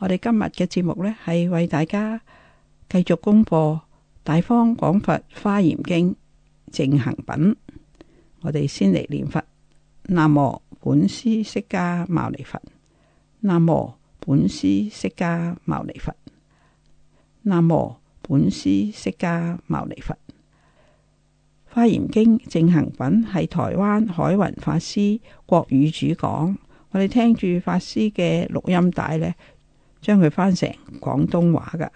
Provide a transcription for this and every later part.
我哋今日嘅節目呢，係為大家繼續公布《大方廣佛花嚴經正行品》。我哋先嚟念佛：南無本師釋迦牟尼佛，南無本師釋迦牟尼佛，南無本師釋迦牟尼佛。花《花嚴經正行品》係台灣海雲法師國語主講。我哋聽住法師嘅錄音帶呢。將佢翻成廣東話噶，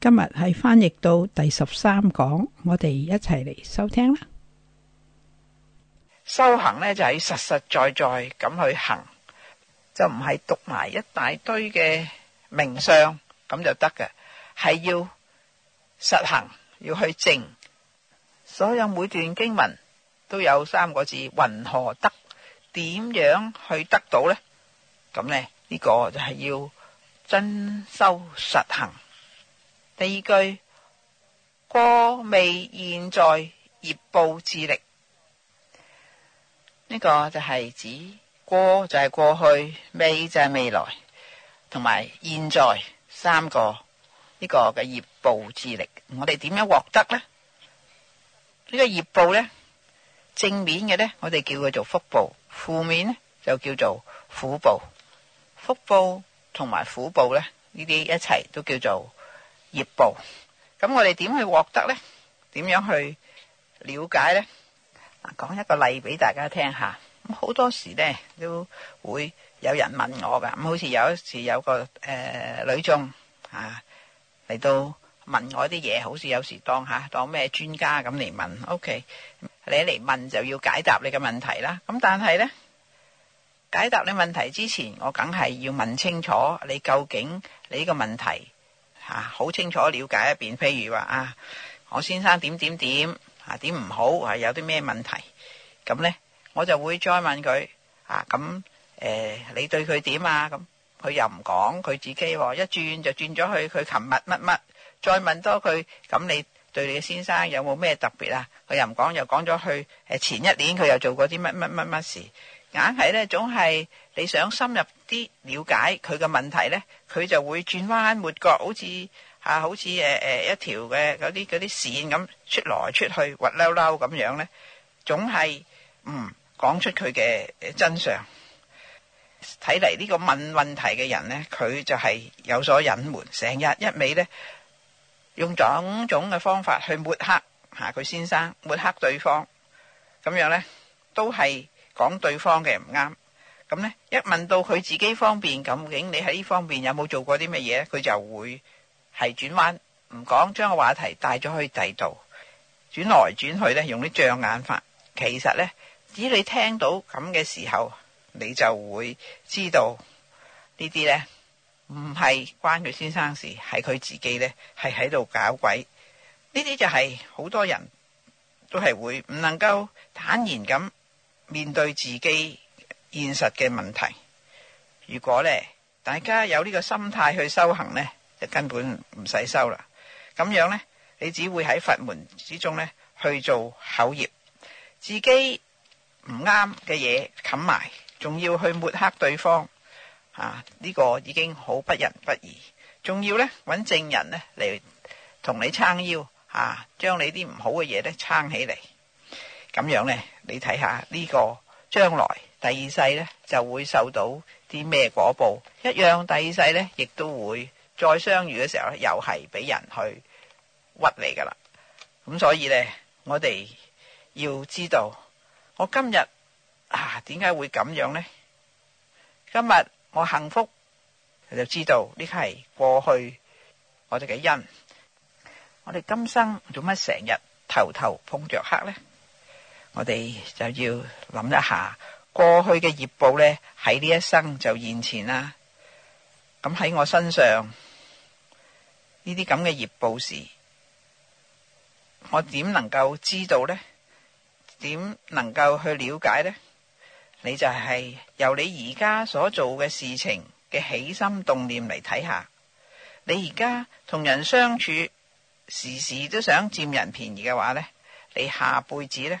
今日係翻譯到第十三講，我哋一齊嚟收聽啦。修行呢，就係實實在在咁去行，就唔係讀埋一大堆嘅名相咁就得嘅，係要實行，要去證。所有每段經文都有三個字，云何得？點樣去得到呢？咁呢呢個就係要。真修實行。第二句過未現在業報之力，呢個就係指過就係過去，未就係未來，同埋現在三個呢個嘅業報之力。我哋點樣獲得呢？呢個業報呢，正面嘅呢，我哋叫佢做福報；負面呢，就叫做苦報。福報。同埋苦報咧，呢啲一切都叫做業報。咁我哋點去獲得咧？點樣去了解咧？講一個例俾大家聽下。咁好多時咧都會有人問我噶，咁好似有一次有個誒女眾啊嚟到問我啲嘢，好似有時當下當咩專家咁嚟問。OK，你嚟問就要解答你嘅問題啦。咁但係咧。解答你問題之前，我梗係要問清楚你究竟你呢個問題吓好、啊、清楚了解一遍。譬如話啊，我先生怎樣怎樣，啊、點點點啊點唔好，係、啊、有啲咩問題咁、啊、呢，我就會再問佢啊。咁、啊、誒、啊，你對佢點啊？咁、啊、佢又唔講佢自己、啊，一轉就轉咗去佢琴日乜乜。再問多佢咁、啊啊，你對你嘅先生有冇咩特別啊？佢又唔講，又講咗去誒前一年佢又做過啲乜乜乜乜事。硬係咧，總係你想深入啲了解佢嘅問題咧，佢就會轉彎抹角，好似吓，好似誒誒一條嘅嗰啲嗰啲線咁出來出去，滑溜溜咁樣咧，總係唔講出佢嘅真相。睇嚟呢個問問題嘅人咧，佢就係有所隱瞞，成日一味咧用種種嘅方法去抹黑吓佢先生，抹黑對方，咁樣咧都係。講對方嘅唔啱咁呢，一問到佢自己方便，究竟你喺呢方面有冇做過啲乜嘢，佢就會係轉彎唔講，將個話題帶咗去第度，轉來轉去呢，用啲障眼法。其實呢，只要你聽到咁嘅時候，你就會知道呢啲呢，唔係關佢先生事，係佢自己呢，係喺度搞鬼。呢啲就係好多人都係會唔能夠坦然咁。面對自己現實嘅問題，如果呢大家有呢個心態去修行呢，就根本唔使修啦。咁樣呢，你只會喺佛門之中呢去做口業，自己唔啱嘅嘢冚埋，仲要去抹黑對方，啊呢個已經好不仁不義，仲要呢揾證人呢嚟同你撐腰，啊將你啲唔好嘅嘢呢撐起嚟。咁樣呢，你睇下呢個將來第二世呢，就會受到啲咩果報？一樣第二世呢，亦都會再相遇嘅時候呢，又係俾人去屈你噶啦。咁所以呢，我哋要知道我今日啊，點解會咁樣呢？今日我幸福，就知道呢係過去我哋嘅因。我哋今生做乜成日頭頭碰着黑呢？我哋就要諗一下過去嘅業報呢，喺呢一生就現前啦。咁喺我身上呢啲咁嘅業報事，我點能夠知道呢？點能夠去了解呢？你就係由你而家所做嘅事情嘅起心動念嚟睇下。你而家同人相處時時都想佔人便宜嘅話呢，你下輩子呢？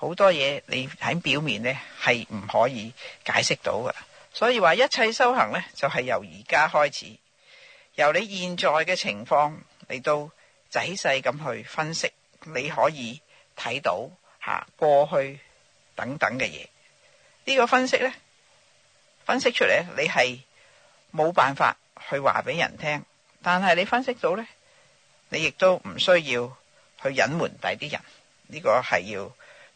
好多嘢你喺表面呢係唔可以解釋到嘅，所以話一切修行呢，就係由而家開始，由你現在嘅情況你都仔細咁去分析，你可以睇到吓過去等等嘅嘢。呢個分析呢，分析出嚟你係冇辦法去話俾人聽，但係你分析到呢，你亦都唔需要去隱瞞第啲人。呢個係要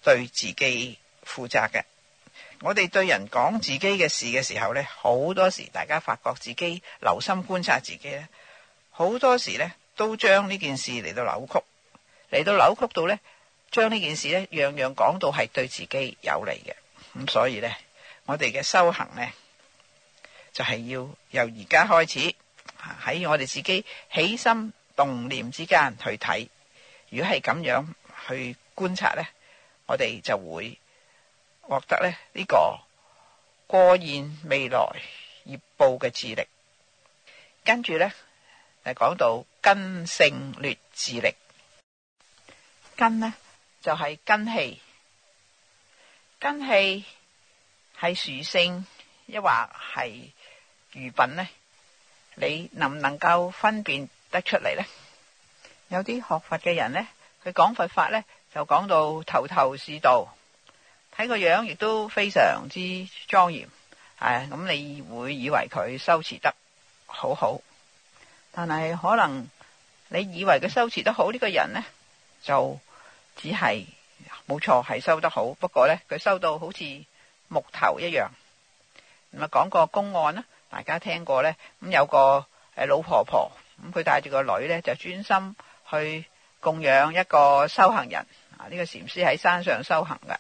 對自己負責嘅，我哋對人講自己嘅事嘅時候呢，好多時大家發覺自己留心觀察自己呢。好多時呢，都將呢件事嚟到扭曲，嚟到扭曲到呢，將呢件事呢樣樣講到係對自己有利嘅。咁所以呢，我哋嘅修行呢，就係要由而家開始喺我哋自己起心動念之間去睇。如果係咁樣去觀察呢。我哋就會獲得呢呢、這個過現未來業報嘅智力。跟住呢，誒講到根性劣智力，根呢，就係、是、根氣，根氣係屬性，抑或係愚品呢，你能唔能夠分辨得出嚟呢？有啲學佛嘅人呢，佢講佛法呢。就講到頭頭是道，睇個樣亦都非常之莊嚴，係、哎、咁，你會以為佢修持得好好，但係可能你以為佢修持得好呢個人呢，就只係冇錯係修得好，不過呢，佢修到好似木頭一樣。咁啊，講個公案啦，大家聽過呢，咁有個誒老婆婆咁，佢帶住個女呢，就專心去供養一個修行人。呢個禪師喺山上修行嘅，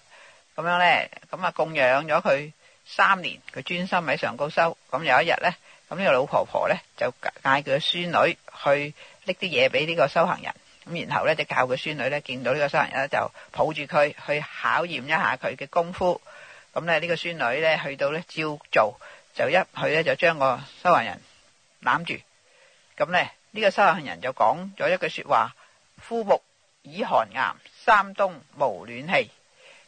咁樣呢，咁啊供養咗佢三年，佢專心喺上高修。咁有一日呢，咁、這、呢個老婆婆呢，就嗌佢嘅孫女去拎啲嘢俾呢個修行人。咁然後呢，就教佢孫女呢，見到呢個修行人呢，就抱住佢去考驗一下佢嘅功夫。咁呢，呢、這個孫女呢，去到呢，照做，就一去呢，就將個修行人攬住。咁呢，呢、這個修行人就講咗一句說話：枯木倚寒岩。三冬冇暖氣，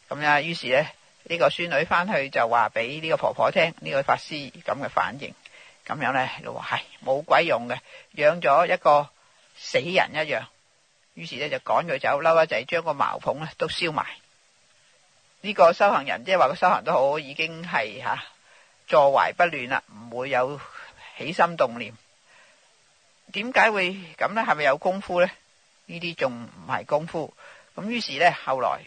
咁咧，於是咧，呢個孫女翻去就話俾呢個婆婆聽呢個法師咁嘅反應，咁樣咧都話係冇鬼用嘅，養咗一個死人一樣。於是咧就趕佢走，嬲，一仔將個茅棚咧都燒埋。呢個修行人即係話個修行都好，已經係吓坐懷不亂啦，唔會有起心動念。點解會咁咧？係咪有功夫咧？呢啲仲唔係功夫？咁於是呢，後來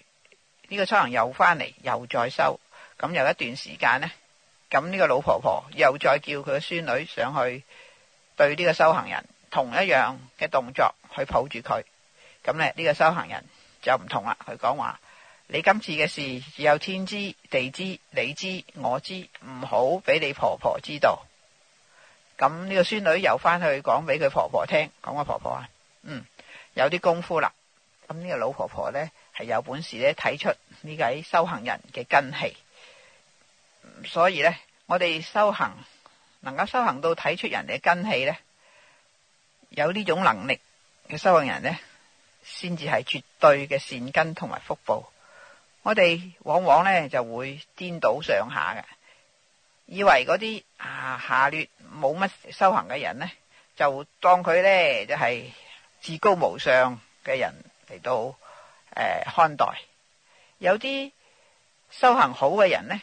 呢個修行又返嚟，又再修。咁有一段時間呢，咁呢個老婆婆又再叫佢嘅孫女上去對呢個修行人同一樣嘅動作去抱住佢。咁咧，呢個修行人就唔同啦，佢講話：你今次嘅事只有天知地知，你知我知，唔好俾你婆婆知道。咁呢個孫女又返去講俾佢婆婆聽，講個婆婆啊，嗯，有啲功夫啦。咁呢個老婆婆呢，係有本事呢，睇出呢個修行人嘅根氣，所以呢，我哋修行能夠修行到睇出人哋根氣呢，有呢種能力嘅修行人呢，先至係絕對嘅善根同埋福報。我哋往往呢就會顛倒上下嘅，以為嗰啲啊下劣冇乜修行嘅人呢，就當佢呢就係至高無上嘅人。嚟到誒、呃、看待有啲修行好嘅人呢，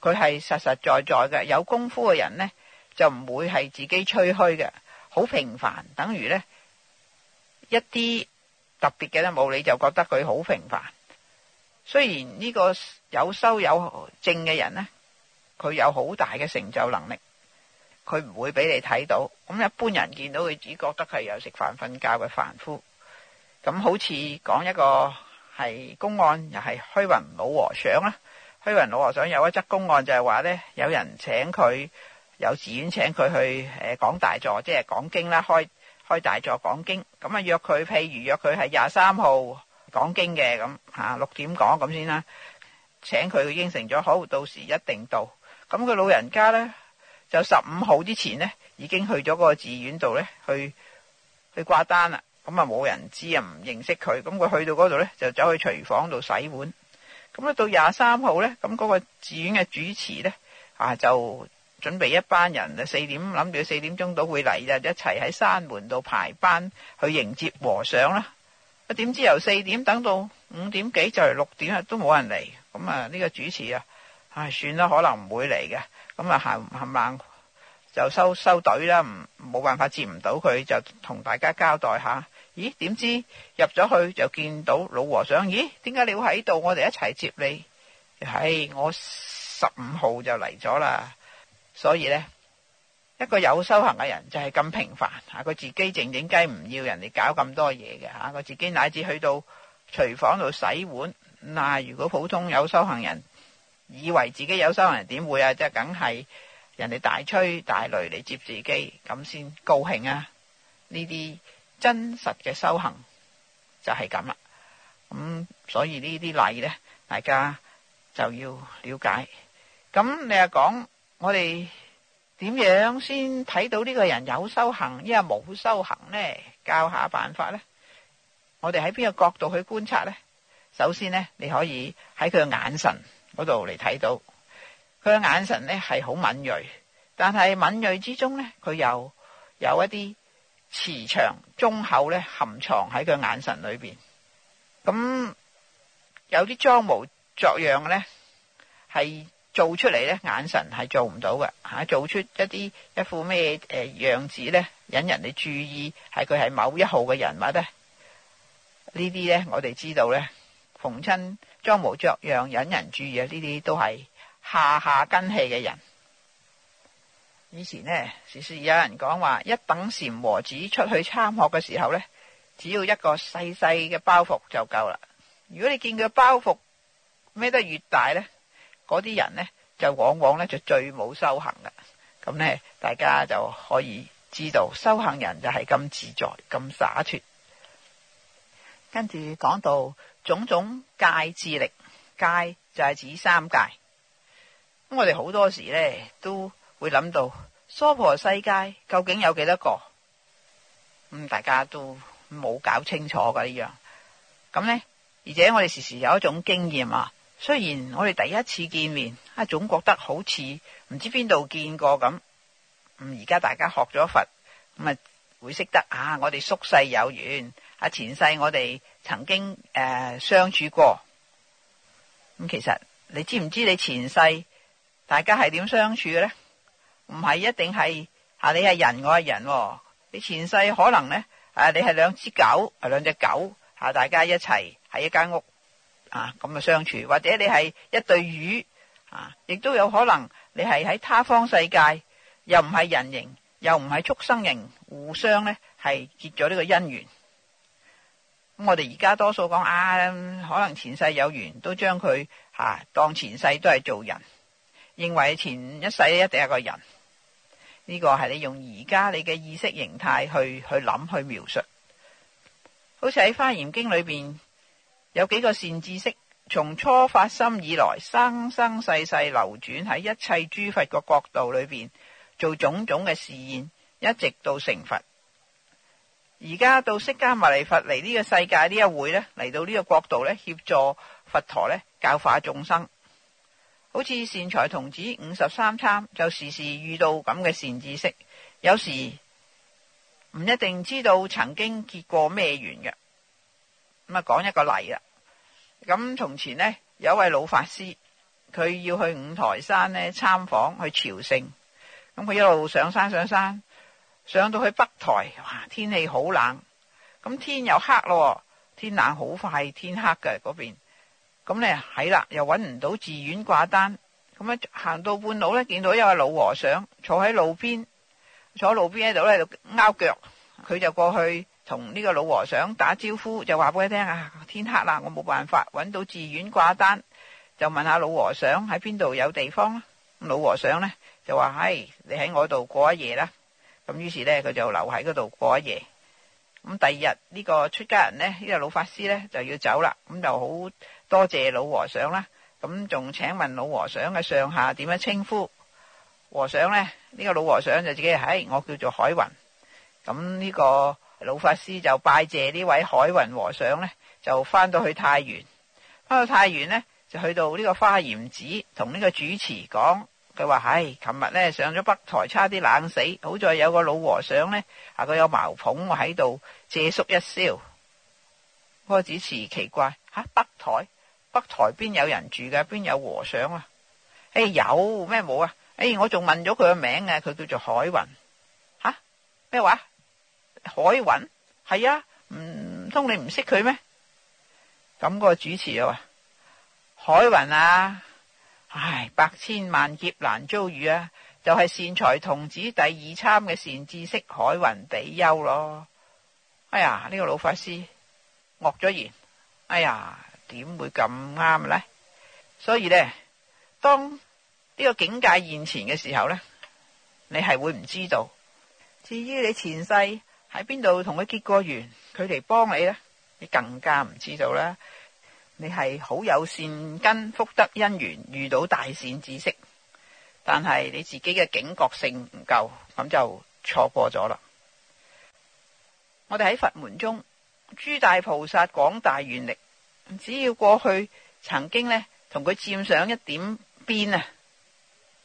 佢係實實在在嘅，有功夫嘅人呢，就唔會係自己吹噓嘅，好平凡，等於呢一啲特別嘅咧冇，你就覺得佢好平凡。雖然呢個有修有證嘅人呢，佢有好大嘅成就能力，佢唔會俾你睇到。咁一般人見到佢只覺得佢有食飯瞓覺嘅凡夫。咁好似講一個係公案，又係虛雲老和尚啦。虛雲老和尚有一則公案，就係話咧，有人請佢有寺院請，請佢去誒講大座，即係講經啦，開開大座講經。咁啊，約佢，譬如約佢係廿三號講經嘅，咁嚇六點講咁先啦。請佢應承咗好，到時一定到。咁佢老人家呢，就十五號之前呢已經去咗個寺院度呢，去去掛單啦。咁啊，冇人知啊，唔認識佢，咁佢去到嗰度咧，就走去廚房度洗碗。咁啊到廿三號咧，咁、那、嗰個寺院嘅主持咧，啊就準備一班人啊，四點諗住四點鐘到會嚟嘅，一齊喺山門度排班去迎接和尚啦。啊點知由四點等到五點幾就係六點啊，都冇人嚟。咁啊呢個主持啊，唉算啦，可能唔會嚟嘅。咁啊，行唔行冷？行就收收隊啦，唔冇辦法接唔到佢，就同大家交代下。咦？點知入咗去就見到老和尚。咦？點解你要喺度？我哋一齊接你。唉，我十五號就嚟咗啦。所以呢，一個有修行嘅人就係咁平凡嚇，佢自己靜靜雞唔要人哋搞咁多嘢嘅嚇，佢自己乃至去到廚房度洗碗嗱。如果普通有修行人以為自己有修行人，點會啊？即係梗係。人哋大吹大擂嚟接自己，咁先高興啊！呢啲真實嘅修行就係咁啦。咁所以呢啲例呢，大家就要了解。咁你又講我哋點樣先睇到呢個人有修行，一係冇修行呢？教下辦法呢。我哋喺邊個角度去觀察呢？首先呢，你可以喺佢嘅眼神嗰度嚟睇到。佢嘅眼神咧係好敏銳，但係敏銳之中咧，佢又有一啲慈祥忠厚咧，含藏喺佢眼神裏邊。咁有啲裝模作樣嘅咧，係做出嚟咧，眼神係做唔到嘅嚇、啊。做出一啲一副咩誒樣子咧，引人哋注意，係佢係某一號嘅人物咧。呢啲咧，我哋知道咧，逢親裝模作樣引人注意啊！呢啲都係。下下根器嘅人，以前呢，時時有人講話，一等禪和子出去參學嘅時候呢，只要一個細細嘅包袱就夠啦。如果你見佢包袱孭得越大呢，嗰啲人呢，就往往呢，就最冇修行啦。咁呢，大家就可以知道修行人就係咁自在咁灑脱。跟住講到種種界智力界就係指三界。我哋好多時咧都會諗到娑婆世界究竟有幾多個？咁大家都冇搞清楚嘅呢樣。咁咧，而且我哋時時有一種經驗啊。雖然我哋第一次見面，啊總覺得好似唔知邊度見過咁。咁而家大家學咗佛，咁啊會識得啊，我哋宿世有緣，啊前世我哋曾經誒、呃、相處過。咁其實你知唔知你前世？大家係點相處嘅呢？唔係一定係吓你係人，我係人，哦。你前世可能呢，啊，你係兩隻狗，啊兩隻狗吓，大家一齊喺一間屋啊咁啊相處，或者你係一對魚啊，亦都有可能你係喺他方世界，又唔係人形，又唔係畜生形，互相呢係結咗呢個姻緣。咁我哋而家多數講啊，可能前世有緣，都將佢吓，啊，當前世都係做人。認為前一世一定係個人，呢、呢個係你用而家你嘅意識形態去去諗，去描述。好似喺《華嚴經》裏邊，有幾個善知識，從初發心以來，生生世世流轉喺一切諸佛個國度裏邊做種種嘅示現，一直到成佛。而家到釋迦牟尼佛嚟呢個世界一會呢一回咧，嚟到個角呢個國度咧，協助佛陀咧教化眾生。好似善財童子五十三參，就時時遇到咁嘅善知識。有時唔一定知道曾經結過咩緣嘅。咁啊，講一個例啦。咁從前呢，有一位老法師，佢要去五台山呢參訪去朝聖。咁佢一路上山上山，上到去北台，哇！天氣好冷，咁天又黑咯，天冷好快天黑嘅嗰邊。咁咧喺啦，又揾唔到寺院掛單，咁咧行到半路呢，見到一位老和尚坐喺路邊，坐路邊喺度咧就拗腳，佢就過去同呢個老和尚打招呼，就話俾佢聽啊，天黑啦，我冇辦法揾到寺院掛單，就問下老和尚喺邊度有地方。老和尚呢就話：唉，你喺我度過一夜啦。咁、嗯、於是呢，佢就留喺嗰度過一夜。咁第二日呢，呢個出家人呢，呢、呢個老法師呢，就要走啦。咁就好多謝老和尚啦。咁仲請問老和尚嘅上下點樣稱呼和尚呢？呢、呢個老和尚就自己係、哎，我叫做海雲。咁、呢、呢個老法師就拜謝呢位海雲和尚呢，就翻到去太原，翻到太原呢，就去到呢個花岩寺同呢個主持講。佢話：唉，琴日咧上咗北台，差啲冷死，好在有個老和尚呢，啊，佢有茅棚喺度借宿一宵。個主持奇怪，吓、啊、北台，北台邊有人住噶，邊有和尚啊？誒、欸，有咩冇啊？誒、欸，我仲問咗佢個名啊，佢叫做海雲。吓、啊，咩話？海雲，係啊，唔通你唔識佢咩？咁、個主持就話：海雲啊！唉，百千萬劫難遭遇啊，就係、是、善財童子第二參嘅善知識海雲比丘咯。哎呀，呢、這個老法師惡咗言，哎呀，點會咁啱呢？所以呢，當呢個境界現前嘅時候呢，你係會唔知道。至於你前世喺邊度同佢結過緣，佢哋幫你呢，你更加唔知道啦。你係好有善根、福德因緣，遇到大善知識，但係你自己嘅警覺性唔夠，咁就錯過咗啦。我哋喺佛門中，諸大菩薩、廣大願力，只要過去曾經呢同佢沾上一點邊啊，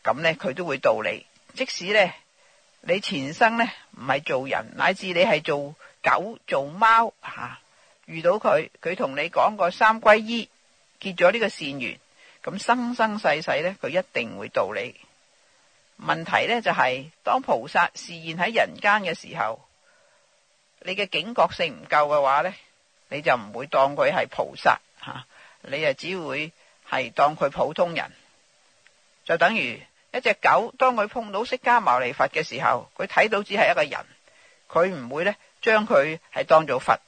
咁呢佢都會度你。即使呢，你前生呢唔係做人，乃至你係做狗、做貓嚇，啊遇到佢，佢同你講個三皈依，結咗呢個善緣，咁生生世世呢，佢一定會到你。問題呢，就係、是，當菩薩示現喺人間嘅時候，你嘅警覺性唔夠嘅話呢，你就唔會當佢係菩薩吓，你啊只會係當佢普通人。就等於一隻狗，當佢碰到釋迦牟尼佛嘅時候，佢睇到只係一個人，佢唔會呢將佢係當做佛。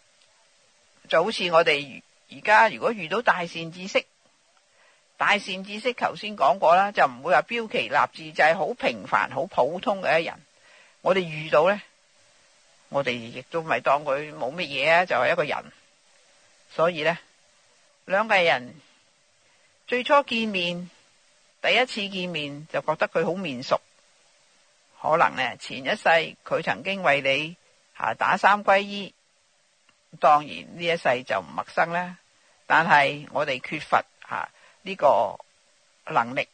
就好似我哋而家如果遇到大善知識，大善知識頭先講過啦，就唔會話標奇立異，就係、是、好平凡、好普通嘅一人。我哋遇到咧，我哋亦都係當佢冇乜嘢啊，就係、是、一個人。所以咧，兩個人最初見面，第一次見面就覺得佢好面熟，可能咧前一世佢曾經為你嚇打三歸依。當然呢一世就唔陌生啦，但係我哋缺乏吓呢個能力，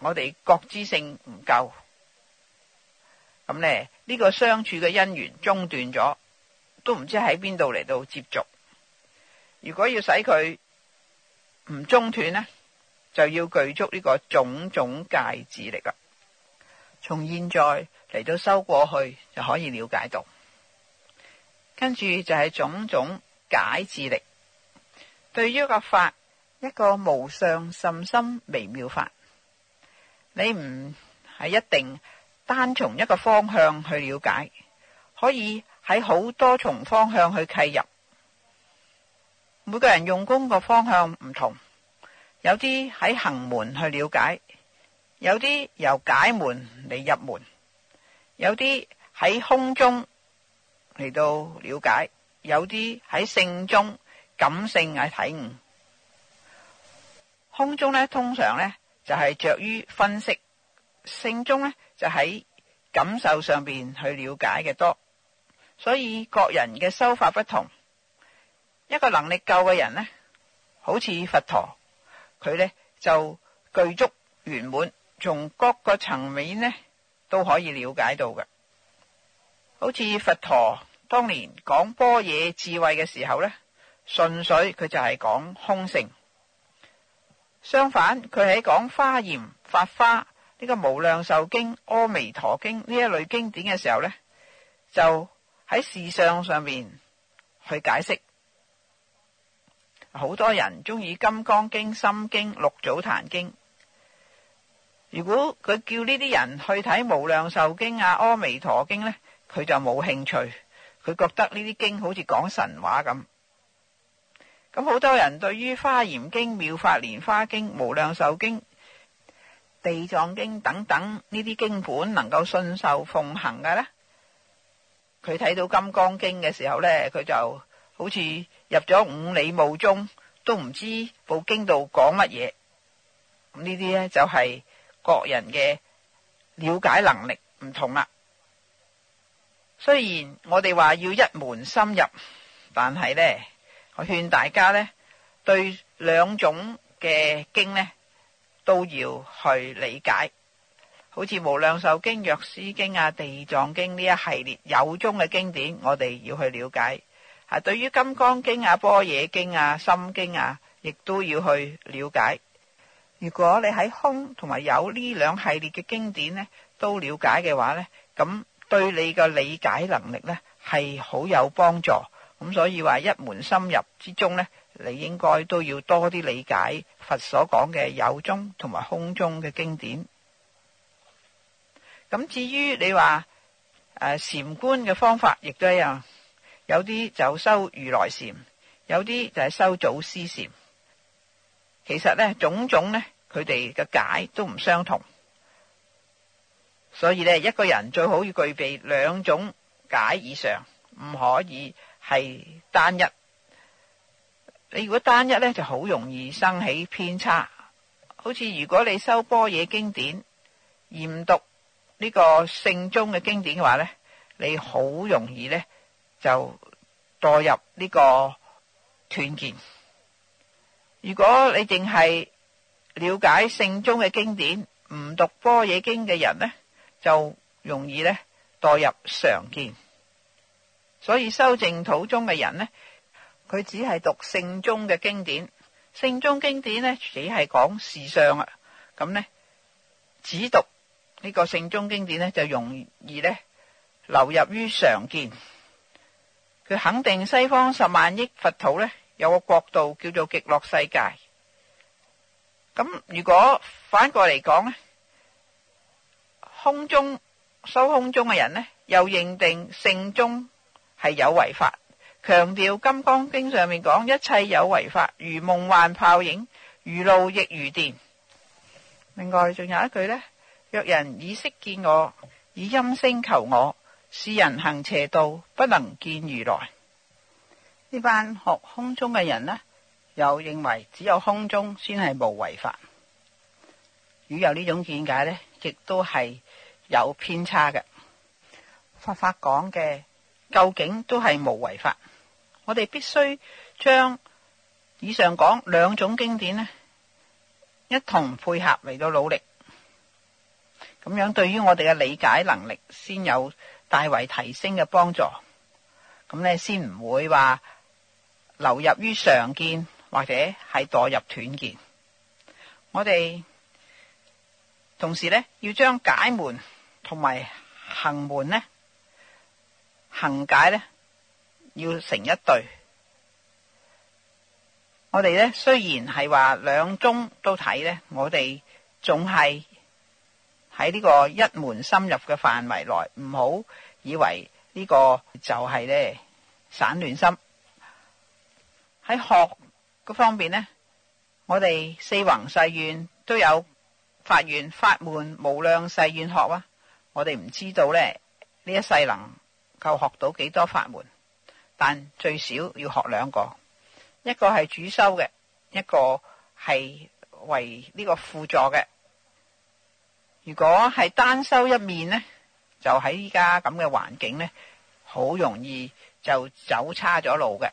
我哋覺知性唔夠，咁呢，呢、呢個相處嘅姻緣中斷咗，都唔知喺邊度嚟到接觸。如果要使佢唔中斷呢，就要具足呢個種種戒指嚟噶。從現在嚟到收過去，就可以了解到。跟住就係種種解智力，對於個法一個無上甚深微妙法，你唔係一定單從一個方向去了解，可以喺好多重方向去契入。每個人用功個方向唔同，有啲喺行門去了解，有啲由解門嚟入門，有啲喺空中，嚟到了解，有啲喺性中感性嘅睇悟，空中呢，通常呢就係着於分析，性中呢就喺感受上邊去了解嘅多，所以各人嘅修法不同。一個能力夠嘅人呢，好似佛陀，佢呢就具足圓滿，從各個層面呢都可以了解到嘅，好似佛陀。當年講般若智慧嘅時候呢，純粹佢就係講空性。相反，佢喺講華嚴法華呢個無量壽經、阿彌陀經呢一類經典嘅時候呢，就喺事相上面去解釋。好多人中意金剛經、心經、六祖壇經。如果佢叫呢啲人去睇無量壽經啊、阿彌陀經呢，佢就冇興趣。佢覺得呢啲經好似講神話咁，咁好多人對於《華嚴經》《妙法蓮華經》《無量壽經》《地藏經》等等呢啲經本能夠信受奉行嘅咧，佢睇到《金剛經》嘅時候咧，佢就好似入咗五里霧中，都唔知部經度講乜嘢。咁呢啲咧就係各人嘅了解能力唔同啦。雖然我哋話要一門深入，但係呢，我勸大家呢對兩種嘅經呢都要去理解。好似無量壽經、藥師經啊、地藏經呢一系列有宗嘅經典，我哋要去了解。啊，對於金剛經啊、般若經啊、心經啊，亦都要去了解。如果你喺空同埋有呢兩系列嘅經典呢都了解嘅話呢，咁。對你嘅理解能力呢係好有幫助，咁所以話一門深入之中呢，你應該都要多啲理解佛所講嘅有中同埋空中嘅經典。咁至於你話誒禪觀嘅方法亦都一樣，有啲就修如來禪，有啲就係修祖師禪。其實呢種種呢，佢哋嘅解都唔相同。所以咧，一個人最好要具備兩種解以上，唔可以係單一。你如果單一咧，就好容易生起偏差。好似如果你收波野經典研讀呢個聖宗嘅經典嘅話咧，你好容易咧就墮入呢個斷見。如果你淨係了解聖宗嘅經典，唔讀波野經嘅人咧，就容易呢墮入常見，所以修淨土宗嘅人呢，佢只係讀聖宗嘅經典，聖宗經典呢，只係講事相啊，咁呢，只讀呢個聖宗經典呢，就容易呢流入於常見，佢肯定西方十萬億佛土呢，有個國度叫做極樂世界，咁如果反過嚟講呢？空中收空中嘅人呢，又認定性中係有為法，強調《金剛經》上面講一切有為法如夢幻泡影，如露亦如電。另外，仲有一句呢，若人以色見我，以音聲求我，是人行邪道，不能見如來。呢班學空中嘅人呢，又認為只有空中先係無為法，如有呢種見解呢，亦都係。有偏差嘅，佛法講嘅究竟都係無為法。我哋必須將以上講兩種經典咧，一同配合嚟到努力，咁樣對於我哋嘅理解能力先有大為提升嘅幫助。咁咧先唔會話流入於常見，或者係墮入斷見。我哋同時呢，要將解門。同埋行門咧，行解咧要成一對。我哋咧雖然係話兩宗都睇咧，我哋總係喺呢個一門深入嘅範圍內，唔好以為呢個就係咧散亂心。喺學嘅方面咧，我哋四弘誓願都有法緣法門無量誓願學啦。我哋唔知道咧，呢一世能夠學到幾多法門，但最少要學兩個，一個係主修嘅，一個係為呢個輔助嘅。如果係單修一面呢，就喺依家咁嘅環境呢，好容易就走差咗路嘅。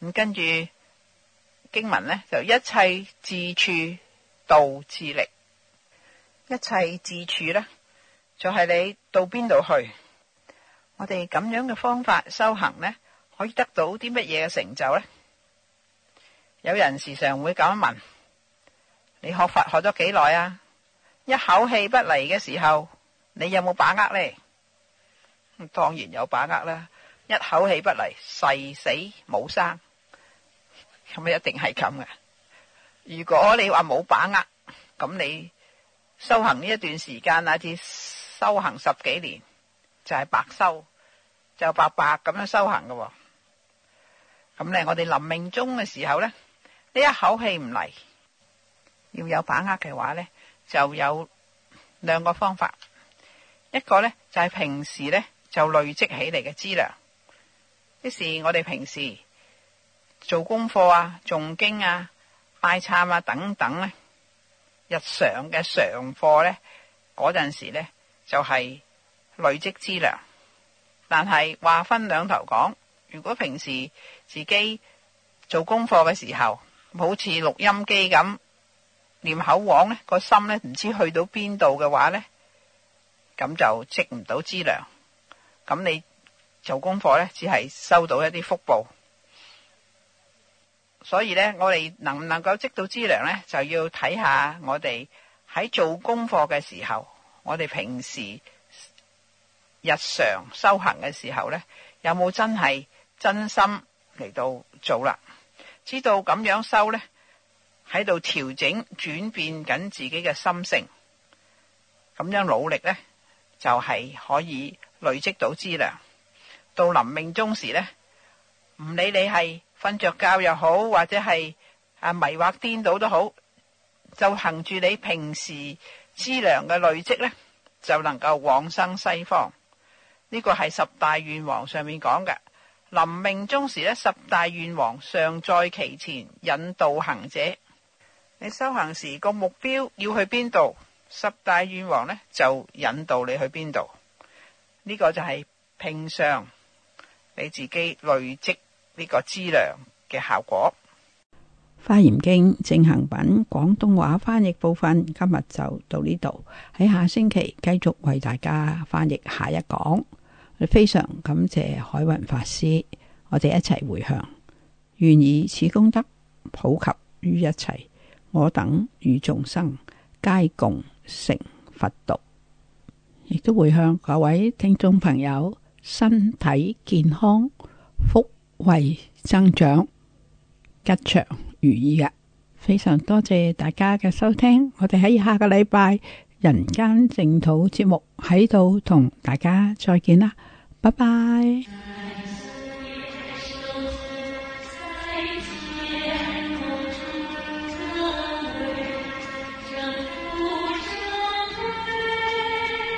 咁跟住經文呢，就一切智處道智力。一切自處啦，就係你到邊度去？我哋咁樣嘅方法修行呢，可以得到啲乜嘢嘅成就呢？有人時常會咁問：你學佛學咗幾耐啊？一口氣不嚟嘅時候，你有冇把握呢？當然有把握啦！一口氣不嚟，誓死冇生，咁一定係咁嘅。如果你話冇把握，咁你？修行呢一段時間，乃至修行十幾年，就係白修，就白白咁樣修行嘅。咁咧，我哋臨命終嘅時候呢，呢一口氣唔嚟，要有把握嘅話呢，就有兩個方法。一個呢，就係平時呢，就累積起嚟嘅資糧，於是我哋平時做功課啊、誦經啊、拜懺啊等等咧。日常嘅常課呢，嗰陣時咧就係累積資糧。但係話分兩頭講，如果平時自己做功課嘅時候，好似錄音機咁念口簧咧，個心呢唔知去到邊度嘅話呢，咁就積唔到資糧。咁你做功課呢，只係收到一啲福報。所以呢，我哋能唔能夠積到資糧呢？就要睇下我哋喺做功課嘅時候，我哋平時日常修行嘅時候呢，有冇真係真心嚟到做啦？知道咁樣修呢，喺度調整轉變緊自己嘅心性，咁樣努力呢，就係、是、可以累積到資糧。到臨命終時呢，唔理你係。瞓着覺又好，或者係啊迷惑顛倒都好，就行住你平時資糧嘅累積呢，就能夠往生西方。呢個係十大願王上面講嘅。臨命終時呢，十大願王尚在其前引導行者。你修行時個目標要去邊度？十大願王呢，就引導你去邊度？呢個就係平常你自己累積。呢個資糧嘅效果，《華嚴經正行品》廣東話翻譯部分，今日就到呢度。喺下星期繼續為大家翻譯下一講。非常感謝海雲法師，我哋一齊回向，願以此功德普及於一切我等與眾生，皆共成佛道。亦都回向各位聽眾朋友身體健康、福。為增長吉祥如意啊，非常多謝大家嘅收聽，我哋喺下個禮拜人間淨土節目喺度同大家再見啦，拜拜。